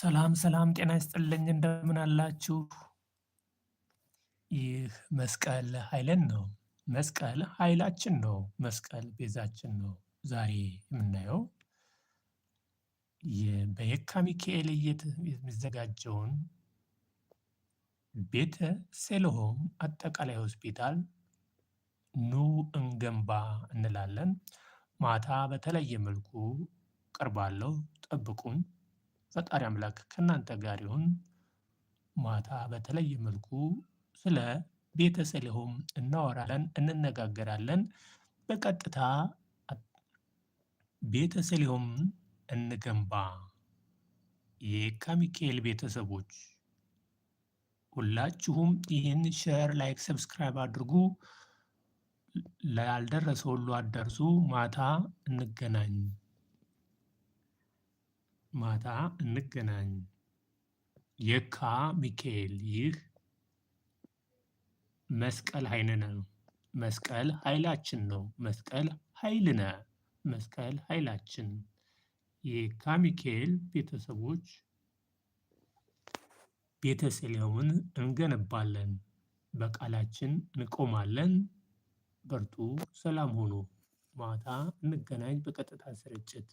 ሰላም ሰላም፣ ጤና ይስጥልኝ። እንደምን አላችሁ? ይህ መስቀል ኃይለን ነው። መስቀል ኃይላችን ነው። መስቀል ቤዛችን ነው። ዛሬ የምናየው በየካ ሚካኤል የሚዘጋጀውን ቤተ ሴሎሆም አጠቃላይ ሆስፒታል ኑ እንገንባ እንላለን። ማታ በተለየ መልኩ ቀርባለሁ። ጠብቁን። ፈጣሪ አምላክ ከእናንተ ጋር ይሁን። ማታ በተለየ መልኩ ስለ ቤተ እናወራለን፣ እንነጋገራለን። በቀጥታ ቤተ እንገንባ። የየካ ቤተሰቦች ሁላችሁም ይህን ሼር፣ ላይክ፣ ሰብስክራይብ አድርጉ። ላልደረሰ ሁሉ አዳርሱ። ማታ እንገናኝ። ማታ እንገናኝ። የካ ሚካኤል። ይህ መስቀል ኃይል ነው። መስቀል ኃይላችን ነው። መስቀል ኃይል ነ መስቀል ኃይላችን። የካ ሚካኤል ቤተሰቦች ቤተሰሌውን እንገነባለን። በቃላችን እንቆማለን። በርቱ። ሰላም ሁኑ። ማታ እንገናኝ በቀጥታ ስርጭት